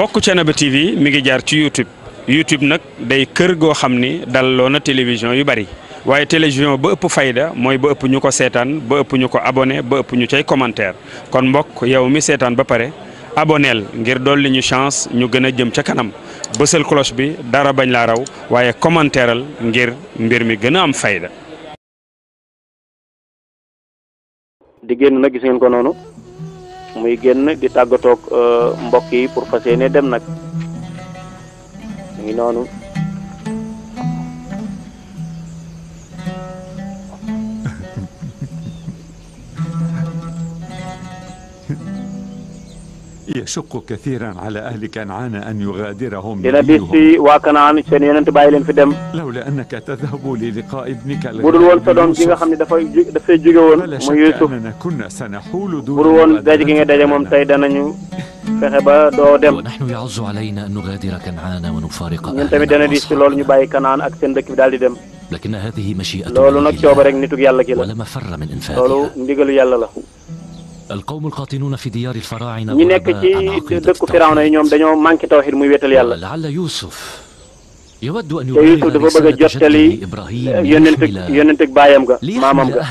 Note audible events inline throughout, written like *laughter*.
mbokk Thiénaba TV mi ngi jaar ci YouTube YouTube nag day kër goo xam ni dalloo na télévision yu bari waaye télévision ba ëpp fayda mooy ba ëpp ñu ko seetaan ba ëpp ñu ko abone ba ëpp ñu cey commentaire kon mbokk yow mi seetaan ba pare aboneel ngir dolli ñu chance ñu gën a jëm ca kanam bësal cloche bi dara bañ la raw waaye commentaireal ngir mbir mi gën a am fayda. di génn nag gis ngeen ko noonu. muy génn di tàggatoog euh, mbokk yi pour fas ne dem nag mu ngi noonu يشق كثيرا على أهل كنعان أن يغادرهم dina bis ci waa Kanaan seen yonent bàyyi leen fi dem لولا أنك تذهب للقاء ابنك budul woon sa doom gi nga xam ne dafay dafay jóge woon mu Yuusuf أننا كنا سنحول دون budul woon daje gi nga daje moom tey danañu *laughs* fexe ba doo dem ونحن يعز علينا أن نغادر كنعان ونفارق ñun tamit dana dis ci loolu ñu bàyyi Kanaan ak seen dëkk bi daal di dem لكن هذه مشيئة loolu nag cooba rek nituk yàlla gi la ولا مفر من إنفاذها loolu ndigalu yàlla la ñi nekk ci dëkku Firawna yi ñoom dañoo manqué tawxiid muy wéetal yàlla te Yuusuf dafa bëgg a jottali yonent yonent ak baayam ga maamam ga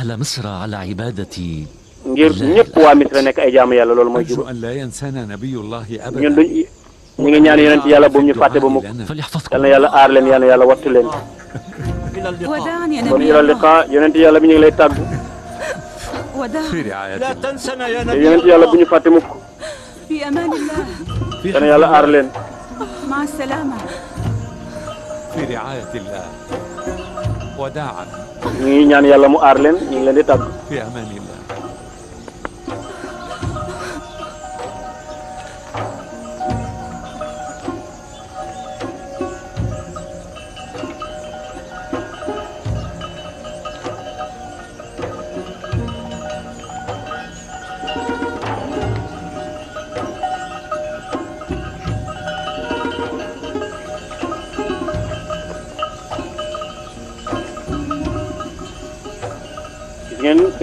ngir ñëpp waa Misra nekk ay jaamu yàlla loolu mooy jub ñun duñ ñu ngi ñaan yonent yàlla bu ñu fàtte ba mukk *laughs* yal na yàlla aar leen yal na yàlla wattu leen kon ila liqa yonent yàlla bi ñu ngi lay tàggu fi riaayati la tansana ya nabi yonent yàlla bu ñu fàtte fi amanillah dana yàlla aar leen ma salama fi riaayatillah wadaan ñu ngi ñaan yàlla mu aar leen ñu ngi leen di tàgg fi amanillah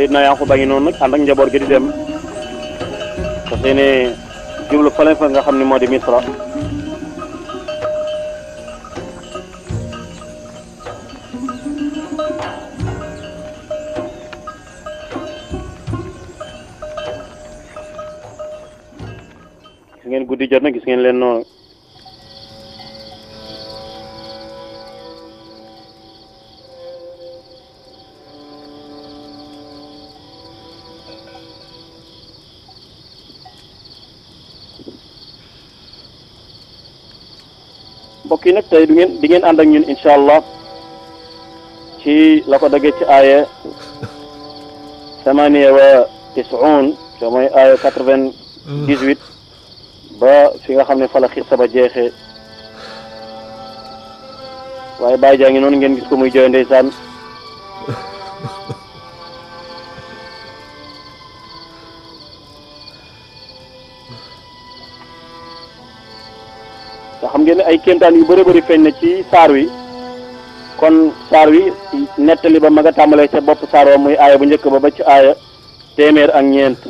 Seydina Yankuba a ngi noonu nag ànd ak njaboot gi di dem parce que ne jublu fële fa nga xam ne moo di Misra mbokk yi nag tey du ngeen di ngeen ànd ak ñun incha allah ci lako ko ci aaya samaniya wa tisuun soo mooy aaya quatre vingt dix huit ba fi nga xam ne fala xissa ba jeexee waaye bàyyi jaa ngi noonu ngeen gis ko muy jooy ndeysaan ngeen ay kéemtaan yu bëri bëri feeñ na ci saar wi kon saar wi nettali ba ma nga tàmbalee ca bopp saar wa muy aaya bu njëkk ba ba ci aaya téeméer ak ñeent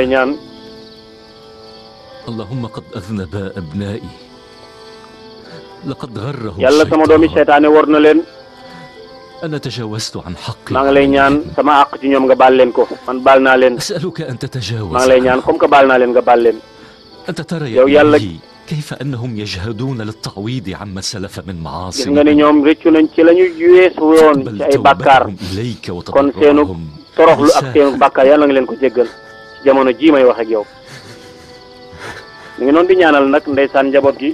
lay ñaan allahumma qad aznaba abnaa'i laqad gharrahum yàlla sama doomi seytaane war na leen ana tajawastu an haqqi maa ngi lay ñaan sama àq ci ñoom nga baal leen ko man baal naa leen as'aluka an tatajawaz maa ngi lay ñaan comme que baal naa leen nga baal leen anta tara yow yàlla kayfa annahum yajhaduuna lit-ta'wiid amma salafa min ma'aasi gis nga ni ñoom rëccu nañ ci la ñu weesu woon ci ay bàkkaar kon seenu toroxlu ak seenu bàkkaar yàlla nga leen ko jéggal ci jamono jii may wax ak yow ñu ngi noon di ñaanal nag ndeysaan njaboot gi.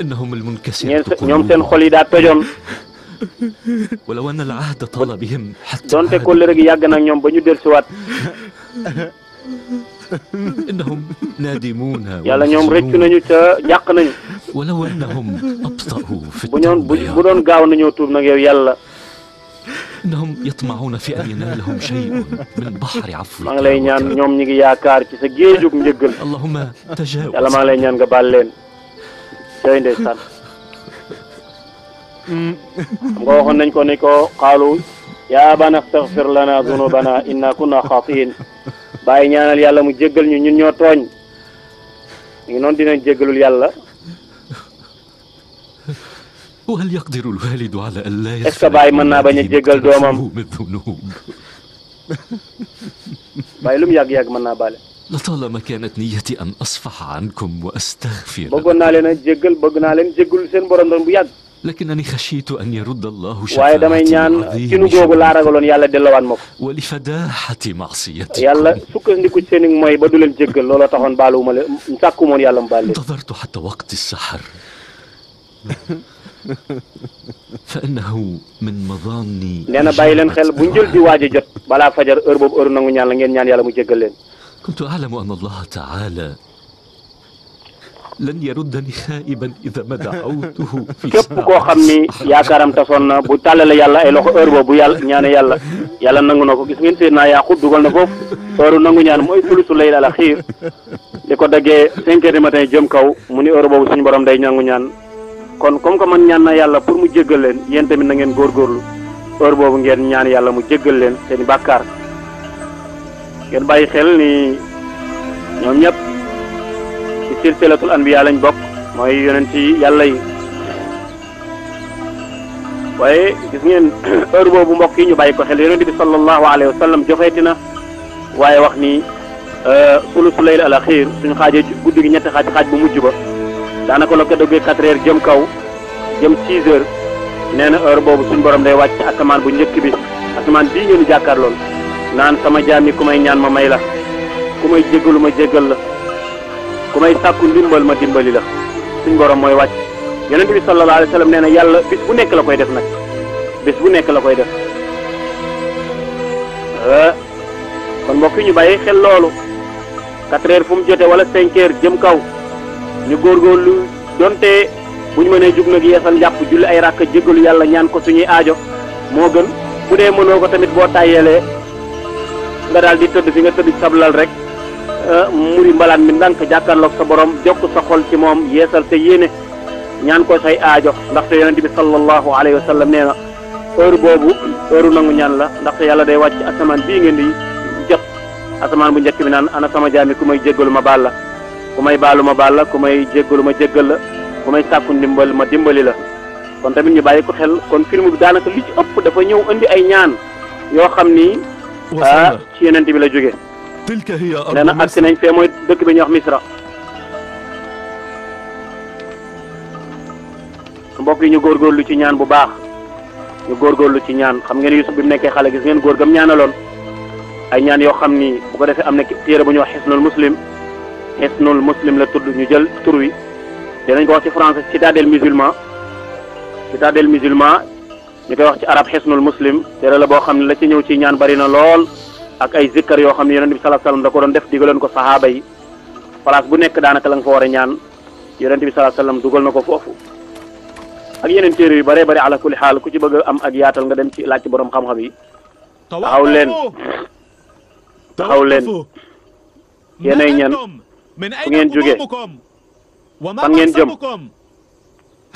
innahumul munkasiruun ñoom seen xol yi daa tojoon. walaw anna al-ahda tala bihim hatta donte kóllëre gi yàgg nag ñoom ba ñu dellusiwaat. innahum naadimuuna. yàlla ñoom rëccu nañu ca jàq nañu. walaw annahum abtau fi bu doon gaaw nañoo tuub nag yow yàlla. لأنهم يطمعون في أن ينالهم شيء من بحر عفوك maa ngi lay ñaan ñoom ñi ngi yaakaar ci sa géejug njëggal allahumma tajaawaz yàlla maa ngi lay ñaan nga baal leen tey ndeysaan xam nga waxoon nañ ko ni ko qaalu yaa abana astaghfir lana zunubana inna kunna xaatiin bàyyi ñaanal yàlla mu jéggal ñu ñun ñoo tooñ ñu noonu dinañ jéggalul yàlla وهل يقدر الوالد على ألا يغفر est-ce que baay mën naa bañ a jéggal doomam baay lu mu yàgg yàgg mën naa baale لطالما كانت نيتي أن أصفح عنكم وأستغفر bëggoon naa leen a jéggal bëgg naa leen jéggul seen borom doon bu yàgg لكنني خشيت أن يرد الله waaye damay ñaan sinu googu laa ragaloon yàlla delloowaat ma ko ولفداحة معصيتكم yàlla sukkandiku seen i mooy ba du leen jéggal looloo taxoon baaluwuma leen sàkkumoon yàlla mu baal leen انتظرت حتى وقت السحر *laughs* *laughs* nee na bàyyi leen xel bu ñu jël di waaj a jot balaa fajar heure boobu heure nangu ñaan la ngeen ñaan yàlla mu jéggal leen. كنت أعلم أن الله تعالى لن يردني خائبا إذا ما دعوته في ساعة képp koo xam ni yaakaaram tasoon na bu tàllale yàlla ay loxo heure boobu yàlla ñaane yàlla yàlla nangu na ko gis ngeen seen naa Yaaqub dugal na foofu heure nangu ñaan mooy sulusu layl al axiir li ko daggee cinq heures du matin jëm kaw mu ni heure boobu suñu borom day nangu ñaan. kon comme que man ñaan na yàlla pour mu jéggal leen yéen tamit na ngeen góorgóorlu heure boobu ngeen ñaan yàlla mu jéggal leen seeni i bàkkaar ngeen bàyyi xel ni ñoom ñëpp ci silsilatul anbiya lañ bokk mooy yonent ci yàlla yi waaye gis ngeen *clears throat* heure boobu mbokk yi ñu bàyyi ko xel yonent bi sallallahu alayhi wa sallam joxeeti na waaye wax ni euh, sulusu layl al axir suñu xaajee guddi gi ñetti xaaj xaaj bu mujj ba daanaka la ko doggee quatre heures jëm kaw jëm six heures nee na heure boobu suñ borom day wàcc ci asamaan bu njëkk bi asamaan bii ngeen jàkkaar lool naan sama jaam yi ku may ñaan ma may la ku may jéggalu ma jéggal la ku may sàkku ndimbal ma dimbali la suñ borom mooy wàcc yonent bi sallallahu alayhi wa sallam nee na yàlla bis bu nekk la koy def nag bis bu nekk la koy def ah, kon mbokk yi ñu bay xel loolu quatre heures fu mu jotee wala cinq heures jëm kaw ñu góor góorgóorlu donte bu ñu mënee jug nag yeesal njàpp julli ay rakk jéggalu yàlla ñaan ko suñuy aajo moo gën bu dee mënoo ko tamit boo tàyyeelee nga daal di tëdd fi nga tëdd sablal rek euh, muri mbalaan mi ndank jàkkaarloog sa borom jokk sa xol ci moom yeesal sa yéene ñaan ko say aajo ndaxte yonente bi sallallahu alayhi wa sallam nee na heure boobu heure nangu ñaan la ndaxte yàlla day wàcc asamaan bii ngeen di jot asamaan bu njëkk bi naan ana sama jaami ku may jéggalu ma baal ku may baalu ma baal la ku may jéggalu ma jéggal la ku may sàkku ndimbal ma dimbali la kon tamit ñu bàyyi ko xel kon film bi daanaka li ci ëpp dafa ñëw indi ay ñaan yoo xam ni ah ci yeneen bi la jóge nee na agsi nañ fee mooy dëkk bi ñuy wax Misra mbokk yi ñu góorgóorlu ci ñaan bu baax ñu góorgóorlu ci ñaan xam ngeen Yusuf bi mu nekkee xale gis ngeen góor gam ñaanaloon ay ñaan yoo xam ni bu defee am na téere bu ñuy wax xisnul muslim Hisnul Muslim la tudd ñu jël tur wi dinañ ko wax ci français citadelle musulman citadelle musulman ñu koy wax ci arab Hisnul Muslim téere la boo xam ne la ci ñëw ci ñaan bari na lool ak ay zikkar yoo xam ne yonent bi sallallahu alayhi wasallam ko doon def digaloon ko sahaaba yi place bu nekk daanaka la nga fa war a ñaan yonent bi sallallahu alayhi wasallam dugal na ko foofu ak yeneen téere yu bëree bëri ala kulli xaal ku ci bëgg am ak yaatal nga dem ci laaj ci borom xam-xam yi taxaw leen taxaw leen yéenay ñan fu ngeen jóge fan ngeen jëm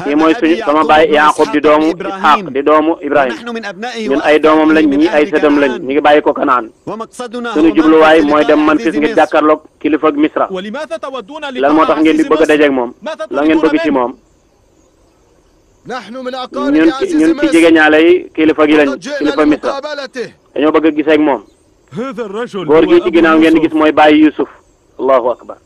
kii mooy suñu sama baay Yaaqub di doomu Isxaaq di doomu Ibrahim ñun ay doomam lañ ñi ay sëtam lañ ñu ngi bàyyi ko Kanaan suñu jubluwaay mooy dem Memphis ngir jàkkaarloog kilifa ak Misra lan moo tax ngeen di bëgg a dajeeg moom lan ngeen bëgg ci moom ñun ci ñun ci jege ñaale yi kilifa gi lañ kilifa Misra dañoo bëgg a giseeg moom góor gi ci ginnaaw ngeen di gis mooy bàyyi Yusuf allahu akbar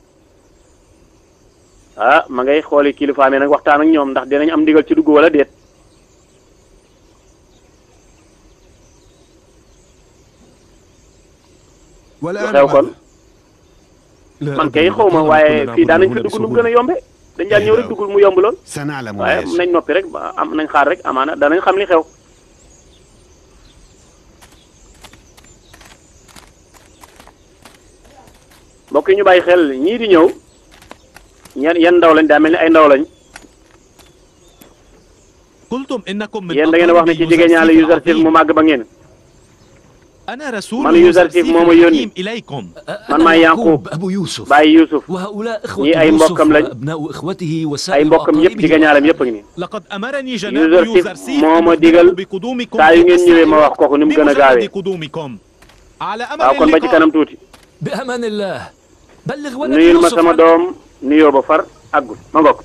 ah ma ngay xooli kilifaamee nag waxtaan ak ñoom ndax dinañ am ndigal ci dugg wala déet lu xew kon man kay xaw ma waaye fii daanañ fi dugg nu gën a yombe dañ daan ñëw rek dugg mu yomb lool waaye nañ noppi rek am nañ xaar rek amaana danañ xam li xew mbokk ñu bàyyi xel ñii di ñëw yan yan ndaw lañ daa mel ni ay ndaw lañ. yéen da ngeen wax ne ci jigéen ñaale Yuusuf mu màgg ba ngeen. man Yuusuf moo ma yónni man maa Yaquub bàyyi Yuusuf ñii ay mbokkam lañ ay mbokkam yëpp jigéen ñaaleem yëpp a ngi nii. Yuusuf moo ma digal saa yu ngeen ñëwee ma wax kooku ni gën a gaawee. waaw kon ba ci kanam tuuti. nuyul ma sama doom. nuyoo ba far àggul ma ngoog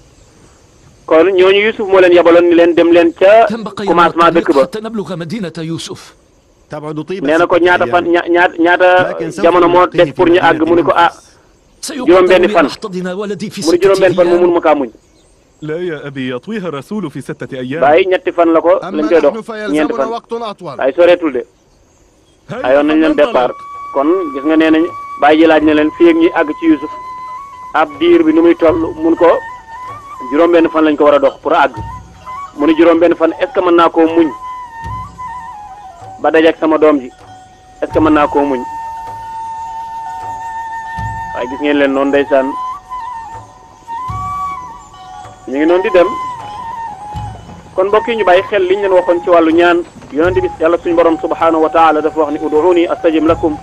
kon ñooñu Youssouf moo leen yabaloon ni leen dem leen ca commencement dëkk ba nee na ko ñaata fan ñaata ñaata euh, jamono moo des pour ñu àgg mu ne ko ah juróom-benni fan mu ne juróom-benn fan mu mun ma kaa muñ. waaye ñetti fan la ko lañ koy dox ñeenti fan waaye soreetul de ayoon nañ leen départ kon gis nga nee nañ bàyyi ji laaj na leen fii ak ñi àgg ci Youssouf. ab diir bi nu muy toll mun ko juróom-benn fan lañ ko war a dox pour àgg mu juróom-benn fan est-ce mën naa koo muñ ba dajeeg sama doom ji est-ce mën naa ko muñ waaye gis ngeen leen noonu ndeysaan ñu ngi noonu di dem kon mbokk yi ñu bàyyi xel liñ leen waxoon ci wàllu ñaan yonent bi yàlla suñu borom subhanahu wa taala dafa wax ni uduuni astajib lakum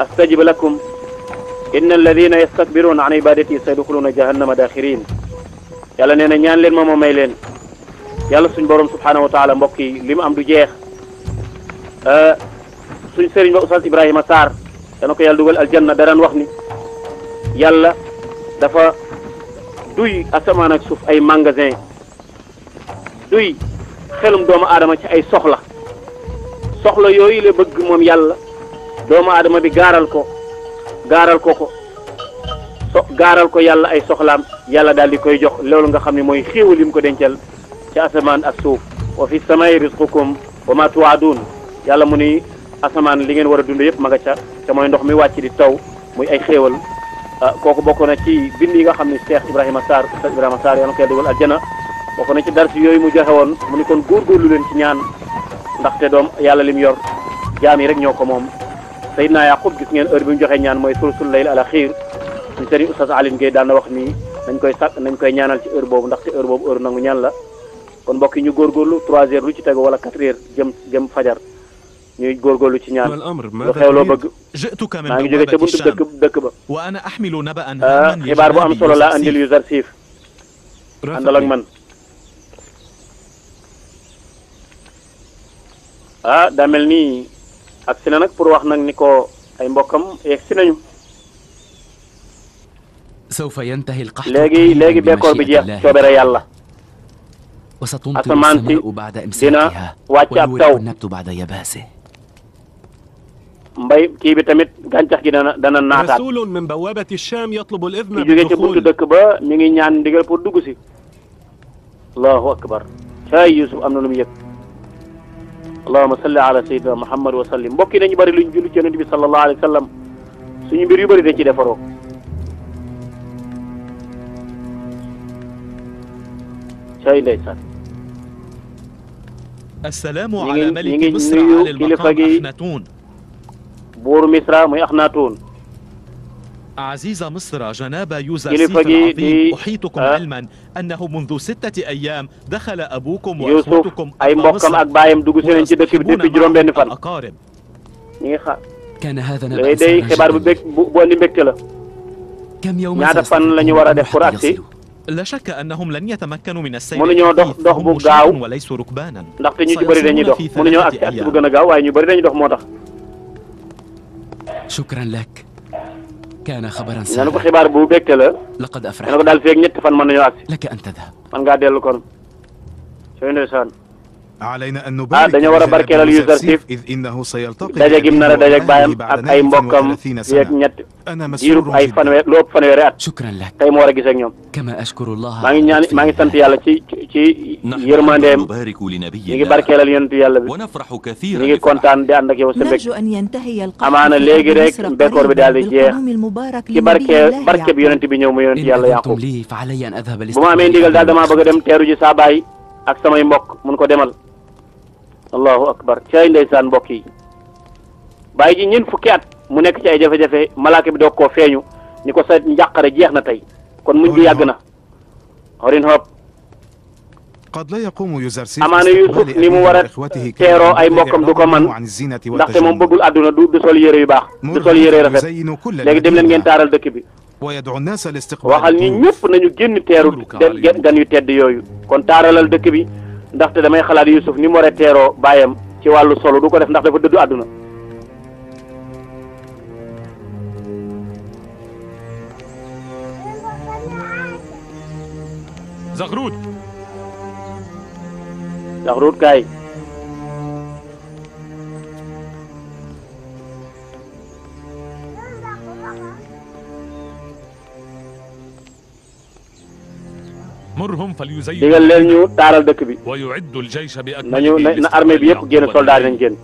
astajib lakum inna alladina yastakbiruuna an ibadati sayadxuluuna jahannama daaxirin yàlla nee na ñaan leen ma ma may leen yàlla suñ borom subhanahu wa taala mbokk yi li mu am du jeex euh, suñ sëriñ ba oustaz Ibrahima Sarr dana ko yàlla dugal aljanna daraan wax ni yàlla dafa duy asamaan ak suuf ay magasin duy xelum doomu aadama ci ay soxla soxla yooyu la bëgg moom yàlla doomu aadama bi gaaral ko gaaral ko ko so gaaral ko yàlla ay soxlaam yàlla daal di koy jox loolu nga xam ni mooy xéewal lim ko denceel ci asamaan ak suuf wa fi samay risqukum wa ma tuwaadun yàlla mu ni asamaan li ngeen war a dund yëpp ma nga ca te mooy ndox mi wàcc di taw muy ay xéewal ah, kooku bokk na ci bind yi nga xam ne Cheikh Ibrahima Sarr Cheikh Ibrahima Sarr yàlla na koy dugal aljana bokk na ci dars yooyu mu joxe mu ni kon góorgóorlu leen ci ñaan ndaxte doom yàlla lim yor jaam yi rek ñoo ko moom Seydina Yaqub gis ngeen heure bi joxe ñaan mooy sulsul layl ala xiir suñ sëriñ Oustaz Alioune Guèye daan na wax nii nañ koy sàkk nañ koy ñaanal ci heure boobu ndaxte heure boobu heure nangu ñaan la kon mbokk yi ñu góorgóorlu 3 heures lu ci tegu wala 4 heures jëm jëm fajar ñuy góorgóorlu ci ñaan lu xew loo bëgg maa ngi jóge ca buntu dëkk dëkk ba ah, xibaar bu am solo laa andil yu zarsiif àndal ak man ah daa mel nii ak si na nag pour wax nag ni ko ay mbokkam yeeg si nañu sawfa yantahi alqahtu léegi léegi bekkoor bi jeex coobere yàlla asamaan si dina wàcc ab taw mbay kii bi tamit gàncax gi dana dana naataat ki jógee ca buntu ba mi ngi ñaan ndigal pour dugg si Yusuf am na lu mu allahuma salli ala sayyidina muhammad wa sallim mbokk yi dañu bëri luñ julli ci yonent bi sallallahu alayhi wa sallam suñu mbir yu bëri dañ ci defaroo cay ndeysaan assalaamu ala malik misra ala al maqam axnatun buuru misra muy axnatun عزيز مصر جناب يوسف سيف العظيم أحيطكم علما أنه منذ ستة أيام دخل أبوكم وأخوتكم أي مبكم أكبايم دوغسين انت دكي بدي جروم بين فان أقارب كان هذا نبأ لدي خبر بك بوني بكلا كم يوم نعرف فان لن يورا دي قراتي لا شك أنهم لن يتمكنوا من السير mënuñoo dox dox bu gaaw وليسوا ركبانا ndaxte ñu ci bëri dañuy dox mënuñoo ak ak bu gën a gaaw waaye ñu bëri dañuy dox moo tax شكرا لك kaana xabaran sa ne ko xibaar bu bégte la laqad afrax ne ko daal feeg ñetti fan mën nañoo agsi laka an tadhab man ngaa dellu kon sooy ndeysaan ah dañoo war a barkeelal Youssouf dajeeg im nar a dajeeg baayam ak ay mbokkam yeeg ñett diirub ay fanweer lu ëpp fanweeri at tey mu war a gis ak ñoom maa ngi ñaan maa ngi sant yàlla ci ci yërmandeem ñu ngi barkeelal yonentu yàlla bi ñu ngi kontaan di ànd ak yow sa mbég amaana léegi rek mbékoor bi daal di jeex ci barke barke bi yonent bi ñëw mu yonent yàlla Yaaqub bu ma amee ndigal daal damaa bëgg a dem teeru ji saa baay ak samay mbokk mun ko demal allahu akbar caay ndeysaan mbokk yi bàyyi ji ñeent fukki at mu nekk ci ay jafe-jafe malaaka bi doog koo feeñu ni ko sa njàqare jeex na tey kon mu gi yàgg na horin hop amaana Yuusuf ni mu war a teeroo ay mbokkam du ko man ndaxte moom bëggul àdduna du du sol yére yu baax du sol yére rafet léegi dem leen ngeen taaral dëkk bi waxal ñi ñépp nañu génn teeru gan yu tedd yooyu kon taaralal dëkk bi ndaxte damay xalaat Yuusuf ni mu war a teeroo baayam ci wàllu solo du ko def ndax dafa dëddu àdduna Zaxruut Zaxruut kaay digal leen ñu taaral dëkk bi nañu na armée bi yëpp génn soldaar yi nañ génn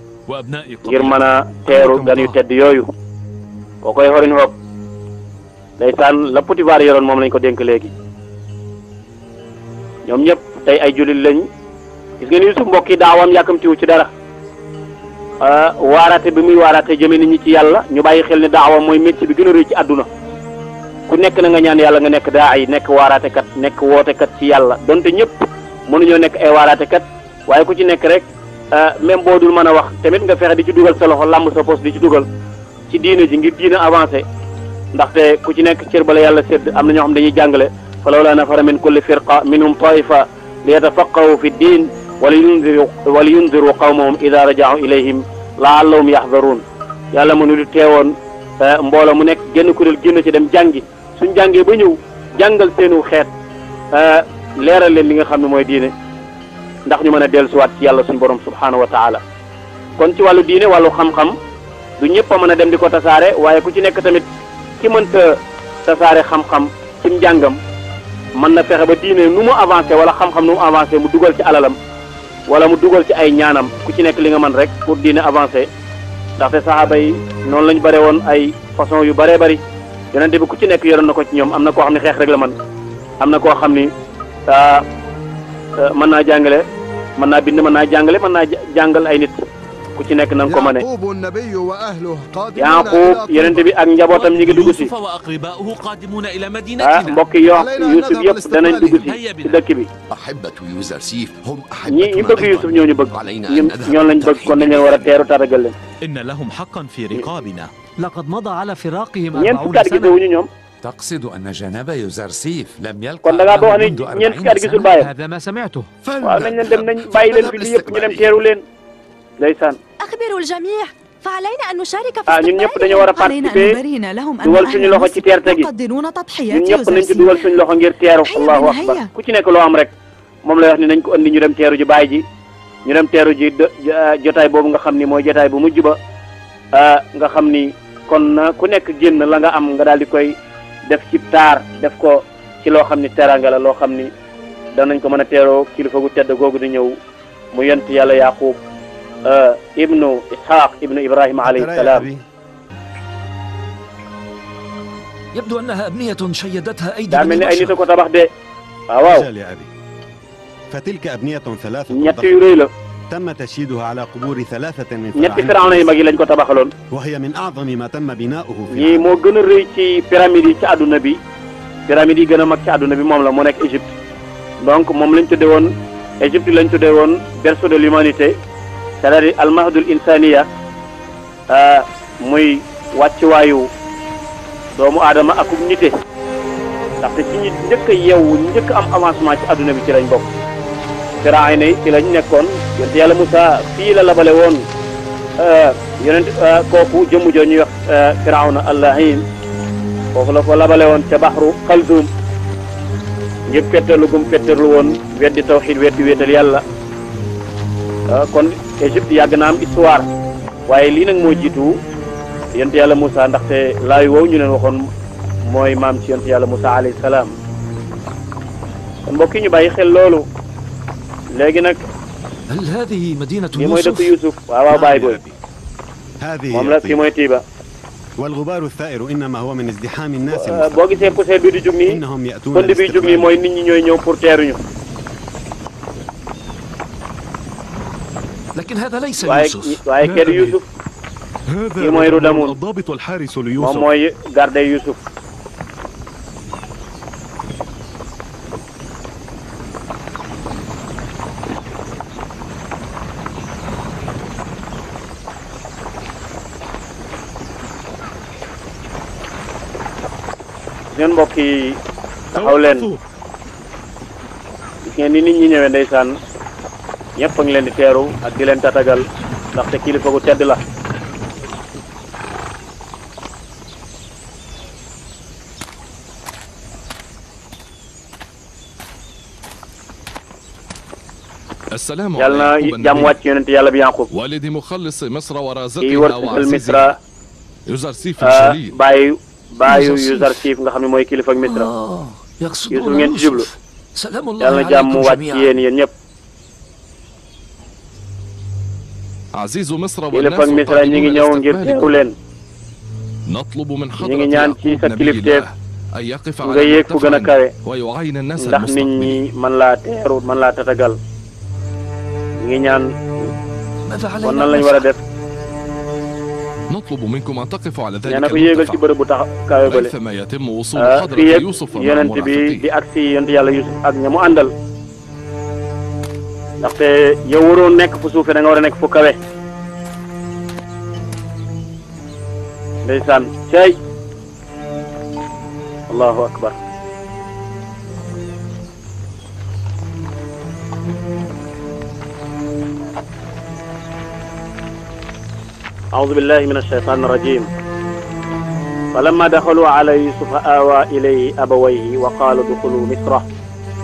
ngir mën a teeru gan yu tedd yooyu koo koy xorin xoog ndeysaan la Potifar yoroon moom lañ ko dénk léegi ñoom ñëpp tey ay jullit lañ gis nga ni Yuusuf mbokk daawam yàkkamtiwu ci dara ah, waaraate bi muy waaraate jëme nit ñi ci yàlla ñu bàyyi xel ne daawam mooy métier bi gën a rëy ci àdduna ku nekk na nga ñaan yàlla nga nekk daa ay nekk waaraatekat nekk kat ci yàlla donte ñëpp mënuñoo nekk ay kat waaye ku ci nekk rek ah, même boo dul mën a wax tamit nga fexe di ci dugal sa loxo làmb sa pos di ci dugal ci diine ji ngir diina avancé ndaxte ku ci nekk cër bala yàlla sedd am na ñoo xam dañuy jàngale fa lawla nafara min kulli firqa minhum taifa li yatafaqahu fi diin wala yundiru wala yundiru qawmahum ida rajaahu ilayhim laallahum yaxdaruun yàlla mënu lu teewoon ah, mbooloo mu nekk génn kuréel génn ci dem jàngi suñ jàngee ba ñëw jàngal seenu xeet euh, leeral leen li nga xam ne mooy diine ndax ñu mën a dellusiwaat ci yàlla suñ borom subhaanahu wa taala kon ci wàllu diine wàllu xam-xam du ñëpp a mën a dem di ko tasaare waaye ku ci nekk tamit ki mënta tasaare xam-xam cim njàngam mën na fexe ba diine nu mu avancé wala xam-xam nu mu avancé mu dugal ci alalam wala mu dugal ci ay ñaanam ku ci nekk li nga mën rek pour diine avancé ndaxte saxaaba yi noonu lañu bare woon ay façon yu bare bari yonente bi ku ci nekk yoroon na ko ci ñoom am na koo xam ne xeex man am na koo xam ni ah, ah, mën naa jàngale mën naa a mën naa jàngale mën naa jàngal ay nit ku ci nekk na nga ko mëne Yaaqub yonente bi ak njabootam ñi ngi dugg si ah mbokk yi yoo Yuusuf yëpp danañ dugg si si dëkk bi ñi ñi bëgg Yuusuf ñoo ñu bëgg ñun ñoo lañ bëgg kon dañ leen war a teeru tàggal leen. لقد مضى على فراقهم 40 سنة تقصد أن جناب يوزرسيف لم يلقى أمامه منذ 40 سنة هذا ما سمعته أخبروا الجميع فعلينا أن نشارك في استقبالهم علينا أن نبرهن لهم أن أهل مصر يقدرون تضحيات يوزرسيف الله أكبر كتنا كلو أمرك moom lay wax ni nañ ko andi ñu dem teeru ji baay ji ñu dem teeru ji jotaay boobu nga xam ni mooy jotaay bu mujj ba nga xam ni kon ku nekk génn la nga am nga daal di koy def ci taar def ko ki loo xam ni teraanga la loo xam ni danañ ko mën a teeroo kilifa gu tedd googu di ñëw mu yent yàlla yaqub uh, ibnu ishaq ibnu ibrahima alayhi salaam يبدو أنها أبنية شيدتها أيدي daa mel ni ay nit a ko tabax de ah, waaw waaw فتلك أبنية ثلاثة yu rëy تم تشييدها على قبور ثلاثة من ñetti pharaon yu mag yi lañ ko tabaxaloon. وهي من أعظم ما تم بناؤه. ñii moo gën a rëy ci pyramide yi ci àdduna bi pyramide yi gën a mag ci àdduna bi moom la mu nekk Égypte donc moom lañ tuddee woon Égypte lañ tuddee woon berceau de l'humanité c'est-à-dire almahdul insaniya euh, muy wàccuwaayu doomu aadama akum nite ndaxte ci ñi njëkk a yeewu am avancement ci àdduna bi ci lañ bok firaay na ci lañ nekkoon yonent yàlla Moussa fii la labale woon euh, yonent euh, kooku jëmm joo ñuy wax euh, firawna allahim foofu la ko labale woon ca baxru xalduum ngir fetterlu gum fetterlu woon weddi tawxiid weddi wéetal yàlla kon Égypte yàgg na am histoire waaye lii nag moo jiitu yonent yàlla Moussa ndaxte laay wow ñu leen waxoon mooy maam ci yonent yàlla Moussa alayhi salaam kon mbokk yi ñu bàyyi xel loolu léegi nag. hal haadihi madinatu Yuusuf mooy dëkk Yuusuf waaw waaw bàyyi booy. wa la fii mooy Tiiba. والغبار الثائر إنما هو من ازدحام الناس boo gisee poussière bi di jug nii. إنهم يأتون pënd bi jug nii mooy nit ñi ñooy ñëw pour teeruñu. لكن هذا ليس waaye kenn Yuusuf. kii mooy Rudamun. الضابط الحارس ليوسف. moom mooy garde mbokk yi taxaw leen gis ngeen ni nit ñi ñëwee ndeysaan ñëpp leen di teeru ak di leen tatagal ndaxte kilifa gu tedd la bi Yaqub bàyyu Yusar Siif nga xam ne mooy kilifa ak Misra oh, Yuusuf ngeen ci jublu na jàmm wàcc ci yéen yéen ñëpp kilifa ak ñi ngi ñëw ngir teew leen ñi ngi ñaan ci sa kilifteef nga yéeg fu gën a kawe ndax nit ñi man laa teeru man laa tatagal ñi ngi ñaan kon nan lañ war a def نطلب منكم أن تقفوا على ذلك المرتفع ريثما يتم وصول حضرة يوسف ومع المرافقين ndaxte yow waroo nekk fu suufee da nga war a nekk fu kawe ndeysaan cey allahu akbar أعوذ بالله من الشيطان الرجيم فلما دخلوا على يوسف آوى إليه أبويه وقال ادخلوا مصر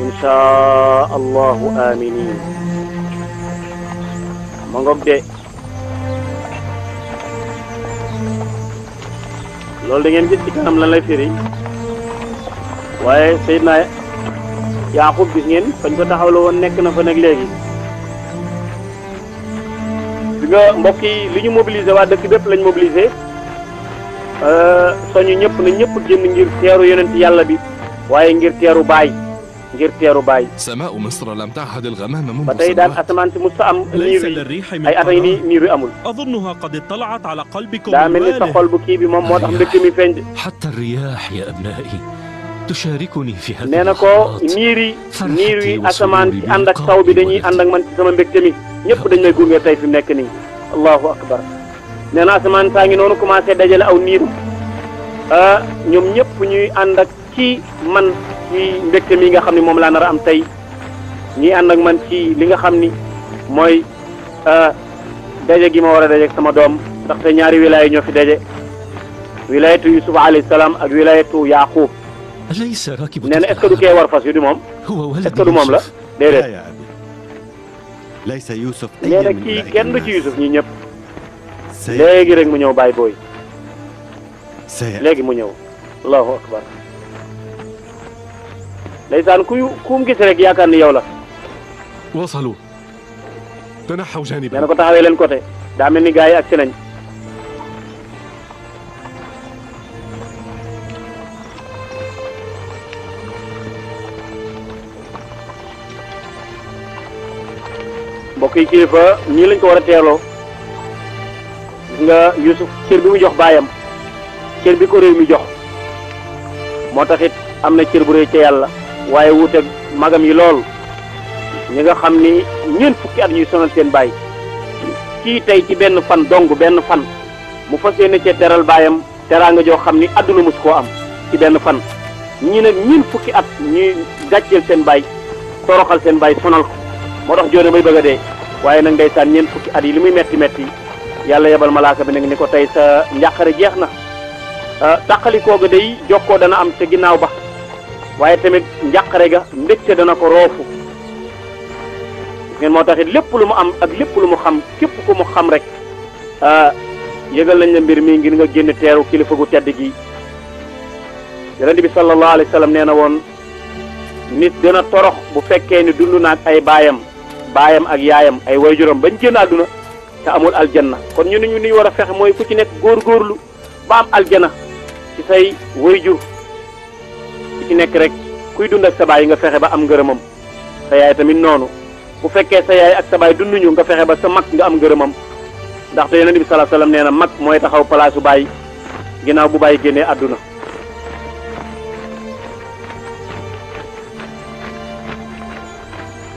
إن شاء الله آمنين ma ngoog de loolu da ngeen gis ci kanam lan lay firi waaye Seydina Yaaqub gis ngeen fañ ko taxawle woon nekk na fa nag léegi nga mbokk yi li ñu mobilisé waa dëkk bépp lañ mobilisé euh, soñu ñëpp na ñëpp génn ngir teeru yonent yàlla bi waaye ngir teeru baay ngir teeru baay. ba tey daal asamaan si musta am niir yi ay at yi nii niir yi amul. daa mel sa xol bu kii bi moom moo tax ndëkk mi feeñ de. nee na ko niir yi niir yi asamaan si ànd ak taw bi dañuy ànd ak man ci sama mbégte ñépp dañ lay gunge tey fi mu nekk nii allahu akbar nee na asamaan saa ngi noonu commencé dajale aw niir ah, ñoom ñëpp ñuy ànd ak man ci mbégte mi nga xam ne moom laa nar a am tey ñuy ànd ak man kii li nga xam ni mooy ah, daje gi ma war a daje sama doom ndaxte ñaari wilaya ñoo fi daje wilayatu yusuf alayhi salaam ak wilayatu yaqub nee na est ce que du kee war fas yu di moom est moom la déedéet nee na kii kenn du ci Youssouf ñi ñëpp léegi rek mu ñëw bàyyi booy léegi mu ñëw allahu akbar ndeysaan kuy ku mu gis rek yaakaar ni yow la wasalu tanaxaw janib nee na ko taxawee leen côté daa mel ni gars yi ak si nañ mbokk yi kilifa ñii lañ ko war a teeloo nga Yuusuf cër bi mu jox baayam cër bi ko réew mi jox moo taxit am na cër bu réy ca yàlla waaye wuuteeg magam yi lool ñi nga xam ni ñun fukki at ñuy sonal seen baay kii tey ci benn fan dong benn fan mu fas yéene cee teral baayam nga joo xam ni àdduna mos koo am ci benn fan ñi nag ñeent fukki at ñu gàcceel seen baay toroxal seen baay sonal ko moo tax joone mooy bëgg de dee waaye nag ndeysaan ñeent fukki at yi li muy metti metti yàlla yebal malaaka bi nag ni ko tey sa njàqare jeex na ah, tàqalikoo ga day jokkoo dana am ca ginnaaw ba waaye tamit njàqare ga mbégte dana ko roofu ngeen moo tax it lépp lu mu am ak lépp lu mu xam képp ku mu xam rek ah, yëgal nañ la mbir mi ngir nga génn teeru kilifa gu tedd gi yonent bi sallallahu alayhi wa sallam nee na woon nit dina torox bu fekkee ni dund naag ay baayam baayam ak yaayam ay wayjuram bañ génn àdduna te amul aljanna kon ñu ni ñu ni war a fexe mooy ku ci nekk góorgóorlu ba am aljana ci say wayjur ku ci nekk rek kuy dund ak sa baay yi nga fexe ba am ngërëmam sa yaay tamit noonu bu fekkee sa yaay ak sa baay ñu nga fexe ba sa mag nga am ngërëmam ndax te bi sallallahu alayhi wasallam nee na mag mooy taxaw palaasu baay ginnaaw bu baay génnee àdduna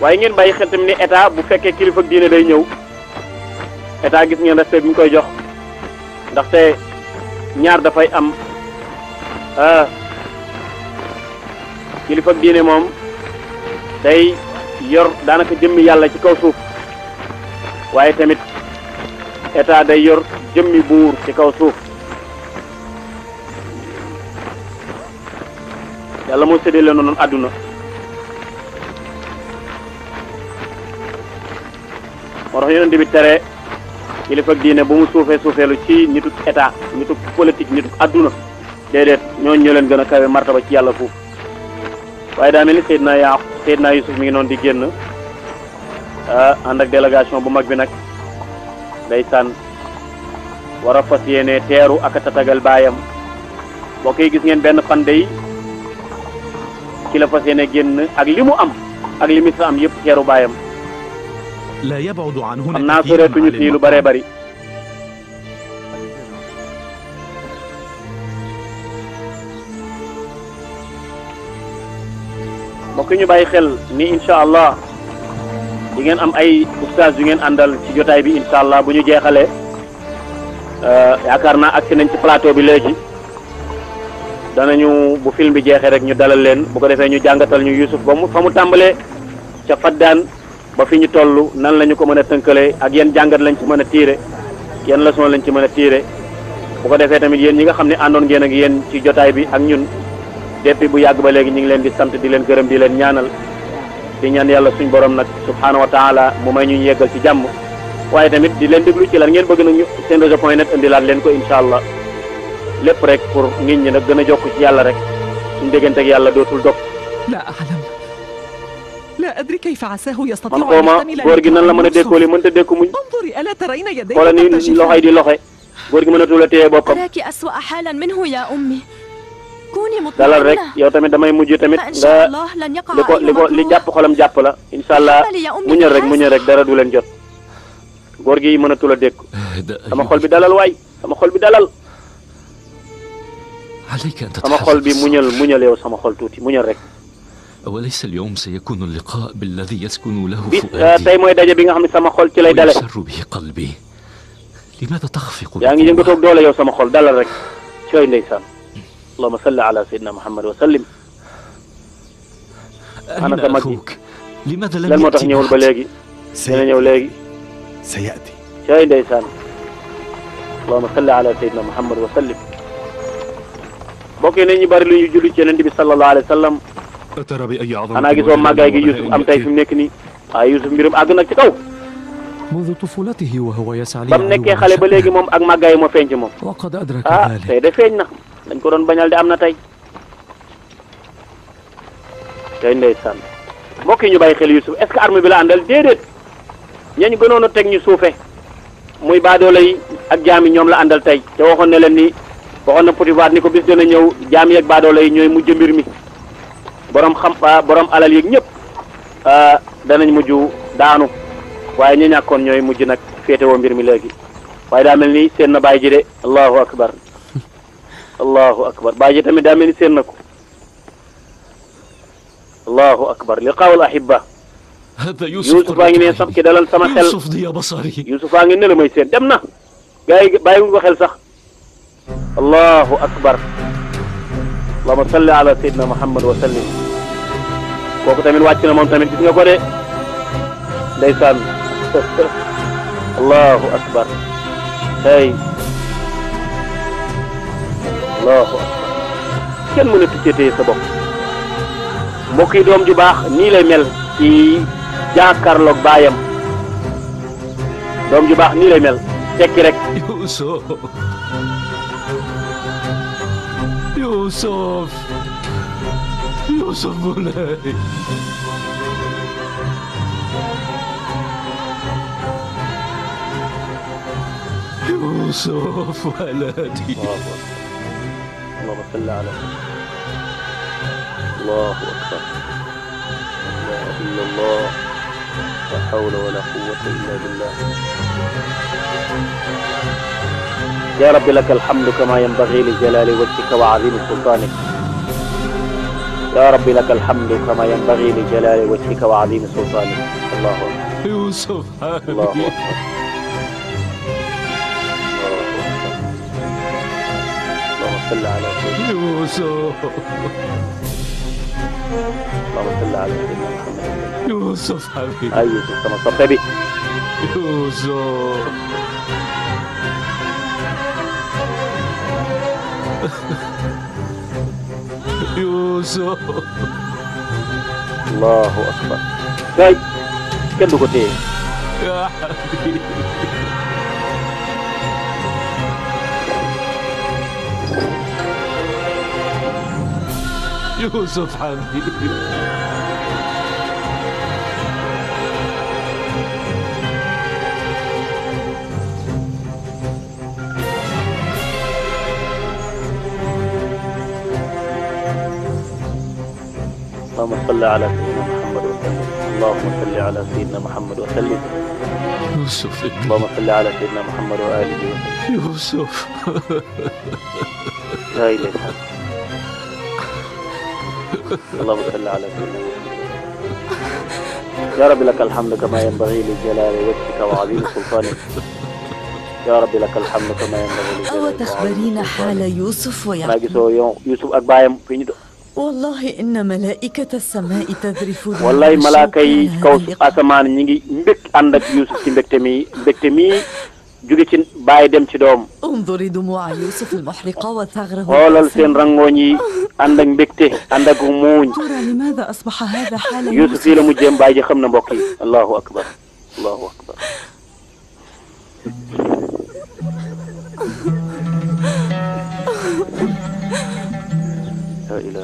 waaye ngeen bàyyi xel tamit ne état bu fekkee kilifa diine day ñëw état gis ngeen respect bi koy jox ndaxte ñaar dafay am kilifa diine moom day yor daanaka jëmmi yàlla ci kaw suuf waaye tamit état day yor jëmmi buur ci kaw suuf yàlla moo séddale noonu àdduna moo tax yonent bi tere kilifa diine bu mu suufee suufeelu ci nituk état nituk politique nituk adduna déedéet ñooñu ñoo leen gën a kawe martaba ci yàlla foofu waaye daa mel ni Seydina Yaa Seydina Yusuf mi ngi noonu di génn ah, ànd ak délégation bu mag bi nag day war a fas yéene teeru ak a tatagal baayam mbokk yi gis ngeen benn fan day ci fas yéene génn ak li mu am ak li sa am yëpp teeru baayam لا يبعد عن هنا am naa soreetuñu fii lu bëree bëri mbokk ñu bàyyi xel ni incha allah di ngeen am ay ustaas yu ngeen àndal ci jotaay bi incha allah bu ñu jeexalee euh, yaakaar naa agsi nañ ci plateau bi léegi danañu bu film bi jeexee rek ñu dalal leen bu ko defee ñu jàngatal ñu Yusuf ba mu fa mu tàmbalee ca Faddaan ba fi ñu toll nan la ñu ko mën a tënkalee ak yan jàngat lañ ci mën a tiire yan leçon lañ ci mën a tiire bu ko defee tamit yéen ñi nga xam ne àndoon ngeen ak yéen ci jotaay bi ak ñun depuis bu yàgg ba léegi ñu ngi leen di sant di leen gërëm di leen ñaanal di ñaan yàlla suñ borom nag subhaanahu wa taala mu may ñu yeggal ci jàmm waaye tamit di leen déglu ci lan ngeen bëgg nañu seen réseau point net indilaat leen ko incha allah lépp rek pour nit ñi nag gën a jokk ci yàlla rek suñ yàlla dootul dog لا أدري كيف عساه يستطيع أن يحتمل góor gi nan la mën a dékkoo li mënta dékku muñ انظري ألا ترين يديه xoolal ni loxo yi di loxe góor gi mënatul a téye boppam أراك أسوأ حالا منه يا أمي كوني مطمئنة dalal rek yow tamit damay mujj tamit nga li ko li ko li jàpp xolam jàpp la incha allah muñal rek muñal rek dara du leen jot góor gi mënatul a dékku sama xol bi dalal waay sama xol bi dalal sama xol bi muñal muñal yow sama xol tuuti muñal rek وليس اليوم سيكون اللقاء بالذي يسكن له فؤادي tey mooy daje bi nga xam ne sama xol ci lay dale ويسر به قلبي لماذا تخفق yaa ngi yëngatoog doole yow sama xol dalal rek cooy ndeysaan اللهم صل على سيدنا محمد وسلم أين أخوك لماذا لم يأتي lan moo tax ñëwul ba léegi dina ñëw léegi سيأتي cooy ndeysaan اللهم صل على سيدنا محمد وسلم bokk nañu bari lu ñu julli ci yonent bi sallallahu alayhi wa sallam xanaa gisoo màggaay gi Youssouf am tey fi mu nekk nii waaye Youssouf mbiram àgg nag ci kaw. ba mu nekkee xale ba léegi moom ak màggaay moo feeñ ci moom. ah tey de feeñ na dañ ko doon bañal de am na tey. tey ndeysaan mbokk yi ñu bàyyi xel Youssouf est-ce bi la àndal déedéet ñañ gënoon a teg ñu suufe muy baadoolo yi ak jaam yi ñoom la àndal tey te waxoon ne leen ni waxoon na Potifar ni ko bis dana ñëw jaam yi ak baadoolo yi ñooy mujj mbir mi. borom xam ah, borom alal yeeg ñépp ah, danañ mujj daanu waaye ñu ñàkkoon ñooy mujj nag féetewoo mbir mi léegi waaye daa mel ni seen na bàyyi ji de allahu akbar *laughs* allahu akbar bàyyi ji tamit daa mel ni seen na ko allahu akbar liqaawul ahibba yusufa ngi ne sam ki dalal sama xel yusufa ngi ne la seen dem na gars yi bàyyi nga ko xel sax allahu akbar allahuma salli ala sayyidina muhammad wa sallim kooku tamit wàcc na moom tamit gis nga ko de ndeysaan *laughs* allahu akbar hey allahu akbar kenn mën a tuccatee sa bopp mbokk yi doom ju baax nii lay mel ci jàkkaarloog baayam doom ju baax nii lay mel tekki rek Yuusuf Yuusuf Eu sou moleque. Eu sou ولدي اللهم صل على الله أكبر لا إله إلا الله لا حول ولا قوة إلا بالله يا رب لك الحمد كما ينبغي لجلال وجهك وعظيم سلطانك yaa rabbi laka alhamdu kama yanbagi li jalaali wajhika wa azimi sultaanik allahu akbar Yuusuf allahu akbar allahumma salli ala sayyidina Yuusuf allahumma salli ala sayyidina Muhammad Yuusuf habibi ay Yuusuf sama soppe bi Yuusuf Yuusuf allahu akbar kay kenn du ko téye yaa rabbi Yuusuf Hamdi اللهم صل على سيدنا محمد وسلم اللهم صل على سيدنا محمد وسلم يوسف اللهم صل على سيدنا محمد وآله وسلم يوسف لا إله إلا اللهم صل على سيدنا محمد يا رب لك الحمد كما ينبغي لجلال وجهك وعظيم سلطانك يا رب لك الحمد كما ينبغي لجلال وجهك وعظيم سلطانك. تخبرين حال يوسف ويعقوب. يوسف ak baayam fi ñu wallahi inna malaikata samaa'i tadrifu wallahi malaaka yi kaw asamaan ñi ngi mbég ànd ak Yuusuf ci mbégte mi mbégte mi jóge ci bàyyi dem ci doom unduri dumu'a Yuusuf al-muhriqa wa thaghrahu xoolal seen rangooñ yi ànd ak mbégte ànd ak muuñ limaadha asbaha haadha haalan Yuusuf yi la mu jéem bàyyi ji xam na mbokk yi allahu akbar allahu akbar vậy là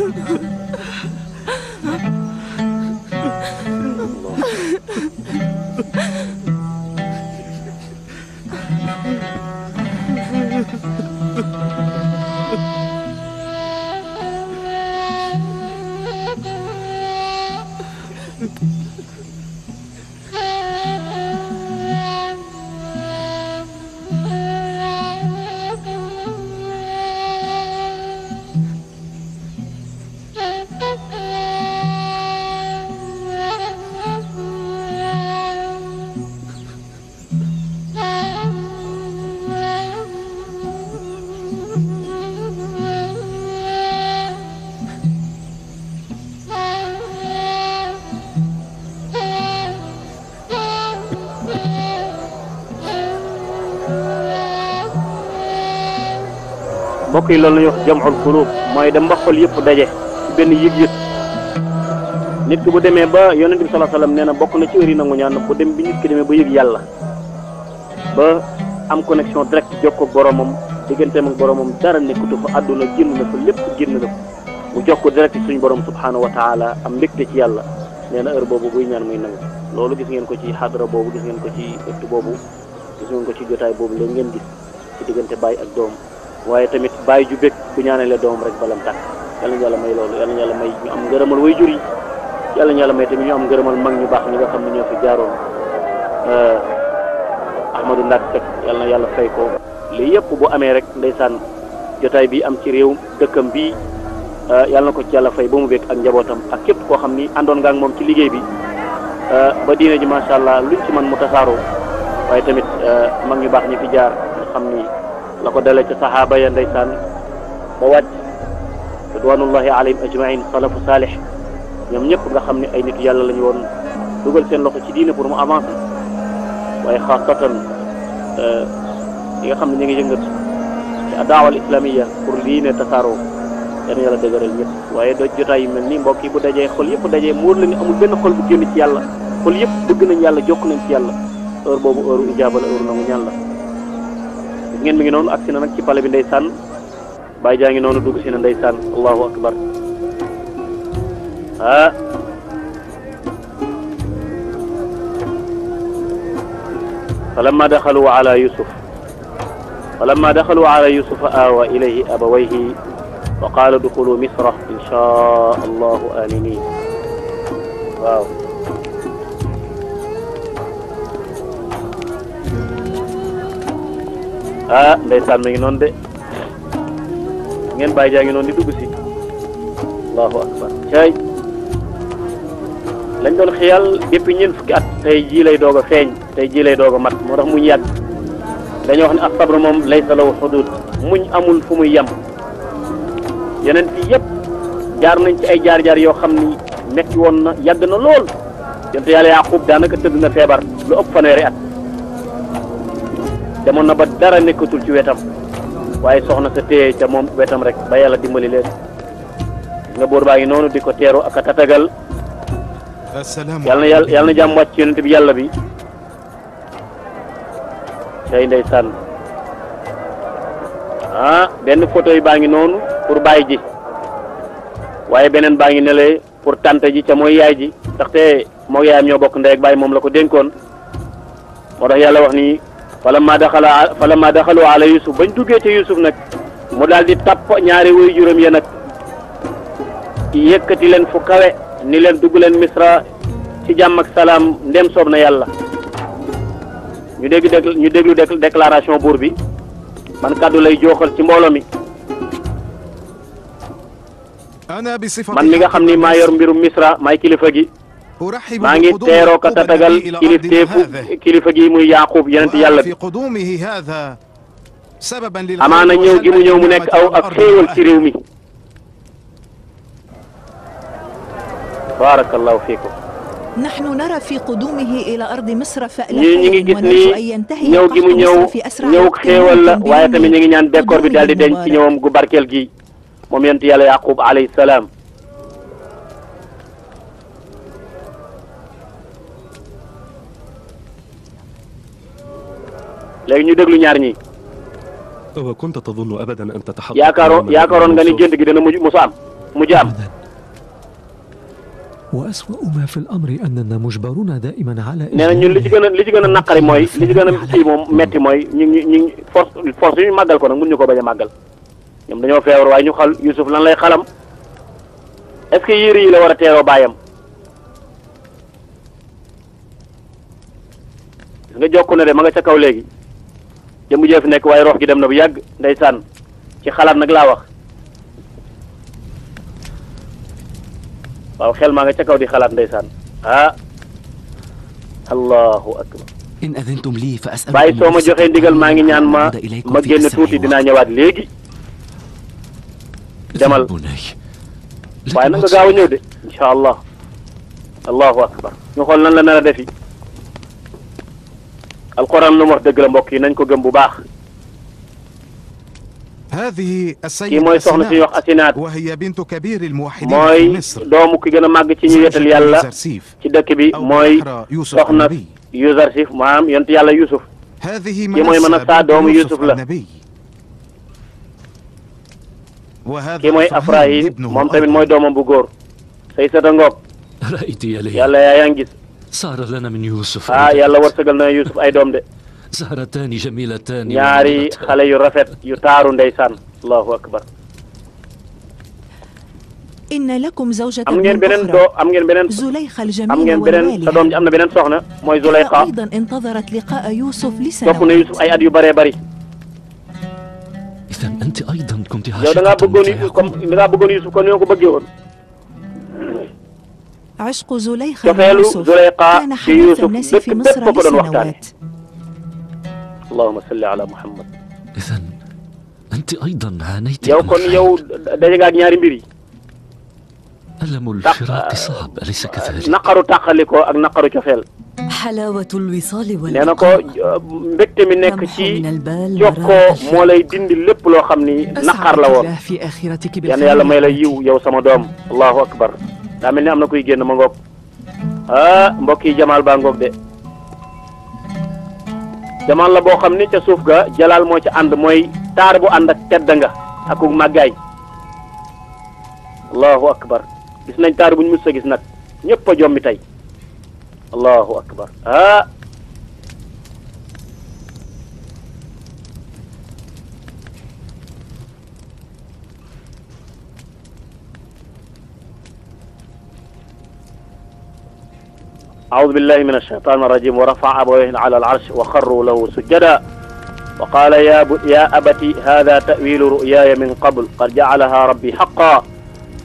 *laughs* mbokk yi loolu la ñuy wax jamxul xuluub mooy dem ba xol yëpp daje ci benn yëg-yëg nit bu demee ba yonent bi sallallahu alayhi wasallam nee na bokk na ci wér yi nangu ñaan bu dem bi nit ki demee ba yëg yàlla ba am connexion direct jokkoo boromam digganteem ak boromam dara nekkutu fa àdduna génn na fa lépp génn na fa mu jokkoo direct suñu borom subhaanahu wa taala am mbégte ci yàlla nee na heure boobu buy ñaan muy nangu loolu gis ngeen ko ci xadra boobu gis ngeen ko ci ëtt boobu gis ngeen ko ci jotaay boobu léegi ngeen di ci diggante bàyyi ak doom bàyyi ju bëgg bu ñaanalee doomam rek balam tàkk yal nañu yàlla may loolu yal nañu yàlla may ñu am ngërëmal way jur yi yal nañu yàlla may tamit ñu am ngërëmal mag ñu baax ñi nga xam ne ñoo fi jaaroon euh, Ahmadou Ndak Seck yal na yàlla fay ko lii yëpp bu amee rek ndeysaan jotaay bi am ci réew dëkkam bii euh, yàlla ko ci yàlla fay ba mu bëgg ak njabootam ak képp koo xam ni àndoon nga ak moom ci liggéey bi euh, ba diine ji macha allah luñ ci man mu tasaaroo waaye tamit mag ñu baax ñi fi jaar xam ni la ko dale ci saxaaba ya ndeysaan ba wàcc ridwanullahi alayhim ajmain salafu saalih ñoom ñëpp nga xam ne ay nit yàlla lañu woon dugal seen loxo ci diine pour mu avancer waaye xaasatan yi euh, nga xam ne ñu ngi yëngat ci daawal islamiya pour lii ne tasaaroo yéen yàlla dëgëral ñëpp waaye doj jotaay yu mel ni mbokk yi bu dajee xol yëpp dajee muur la ni amul benn xol bu génn ci yàlla xol yëpp dëgg nañ yàlla jokk na ci yàlla heure boobu heure u ijaaba nangu ñaan ngeen mi ngi noonu agsi na nag ci pale bi ndeysaan baay jaa ngi noonu dugg si na ndeysaan allahu akbar ah falamma daxalu ala yusuf falamma daxalu ala yusufa aawa ilayhi abawayhi wa qaala duxulu misra insha allahu aminin waaw ah ndeysaan mi ngi noonu de ngeen bàyyi ngi noonu di dugg si allahu akbar caay lañ doon xiyal depuis ñeent fukki at tey jii lay doog a feeñ tey jii lay doog a mat moo tax muñ yàgg dañoo wax ne ak sabr moom laysa lahu xudud muñ amul fu muy yem yeneen fi yëpp jaar nañ ci ay jaar-jaar yoo xam ni metti woon na yàgg na lool yonte yàlla Yaaqub daanaka tëdd na feebar lu ëpp fanweeri at demoon na ba dara nekkatul ci wetam waaye soxna sa téye ca moom wetam rek ba yàlla dimbali leen nga boor baa ngi noonu di ko teeru ak a tatagal yàlla na yàlla yàlla na jàmm wàcc ci yonent bi yàlla bi tey ndeysaan ah benn photo yi baa ngi noonu pour baay ji waaye beneen baa ngi nelee pour tante ji ca mooy yaay ji ndaxte moo yaayam ñoo bokk ndey ak baay moom la ko dénkoon moo tax yàlla wax ni falammaa daxala falammaa daxalu ala yusuf bañ duggee ca yusuf nag mu daal di tapp ñaari way juróom ya nag yëkkati leen fu kawe ni leen dugg leen misra ci jàmm ak salaam ndem soob na yàlla ñu dégg ñu déglu déclaration buur bi man kàddu lay jooxal ci mbooloo mi man mi nga xam ni mayor yor mbirum misra maay kilifa gi maa ngi teeroo ka tatagal kilifteefu kilifa gi muy Yaaqub yonent yàlla bi amaana ñëw gi mu ñëw mu nekk aw ak xéewal ci réew mi baarakallahu fiikum نحن نرى في قدومه إلى أرض مصر فألحهم ونرجو أن ينتهي قحط مصر في أسرع ñëw xéewal la waaye tamit ñu ngi ñaan décor bi daal di denc ci ñëwam gu barkeel gi moom yonent yàlla Yaaqub alayhi salaam léegi ñu déglu ñaar ñi wa kunta tadunnu abadan yaakaaroon yaakaaroon nga ni gént gi dana mujj musa am mujj am. wa aswa'u ma fi al-amri annana mujbaruna da'iman nee na li ci gën a li ci gën a naqari mooy li ci gën a kii moom metti mooy ñu ñu ñu force force yu ñu màggal ko nag mën ñu ko bañ a màggal ñoom dañoo feebar waaye ñu xal Youssouf lan lay xalam est-ce que yére yi la war a teeroo baayam nga jokk na de ma nga ca kaw léegi. jëmm jëf nekk waaye roox gi dem na bu yàgg ndaysaan ci xalaat nag laa wax waaw xel maa nga ca kaw di xalaat ndaysaan ah allahu akbar bàyyi soo ma joxee ndigal maa ngi ñaan ma ma génn tuuti dinaa ñëwaat léegi demal waaye na nga gaaw a ñëw de incha allah akbar ñu xool nan la nar a defi alquran lu mu wax dëgg la mbokk yi nañ ko gëm bu baax. kii mooy soxna si ñuy wax Asinaat mooy doomu ki gën a màgg ci ñu wetal yàlla ci dëkk bi mooy soxna Yuzarsif maanaam yonent yàlla Yusuf kii mooy Manasa doomu Yusuf la. kii mooy Afrahim moom tamit mooy doomam bu góor. say sata ngoog. yàlla yaa yaa ngi gis. saaral lana min Youssouf. ah yàlla wërsëgal na Youssouf ay doom de. zahrataani jamilataani ñaari xale yu rafet yu taaru ndeysaan. allahu akbar. inna lakum zawjatan am ngeen beneen doo am ngeen beneen. Zulayxa al-jamiila am ngeen beneen sa doom ji am na beneen soxna mooy Zulayxa. aydan intadarat liqaa Youssouf li sanawaat topp na Youssouf ay at yu bëree bëri. idan anti aydan kunti. yow da ngaa bëggoon Youssouf comme da ngaa bëggoon Youssouf kon ñoo ko bëggee woon. عشق زليخة cofeelu Zuleyxa ci Yuusuf dëkk bépp ko doon waxtaane allahuma salli ala muhammad idan anti aydan aanayt yow kon yow daje nga ak ñaari mbir yi alamul firaaqi saab alaysa kazalik naqaru tàqalikoo ak naqaru cofeel xalaawatul wisaal wal nee na ko mbégte mi nekk ci jokkoo moo lay dindi lépp loo xam ni naqar la woon yan yàlla may la yiw yow sama doom allahu akbar daa mel ni am na koy génn ma ngoog ah mbokk yi jamaal baa ngoog de jamaal la boo xam ni ca suuf ga jalaal moo ca ànd mooy taar bu ànd ak tedd nga ak màggaay allahu akbar gis nañ taar bu ñu mus a gis nag ñëpp a jommi allahu akbar ah أعوذ بالله من الشيطان الرجيم ورفع أبويه على العرش وخروا له سجدا وقال يا يا أبت هذا تأويل رؤياي من قبل قد جعلها ربي حقا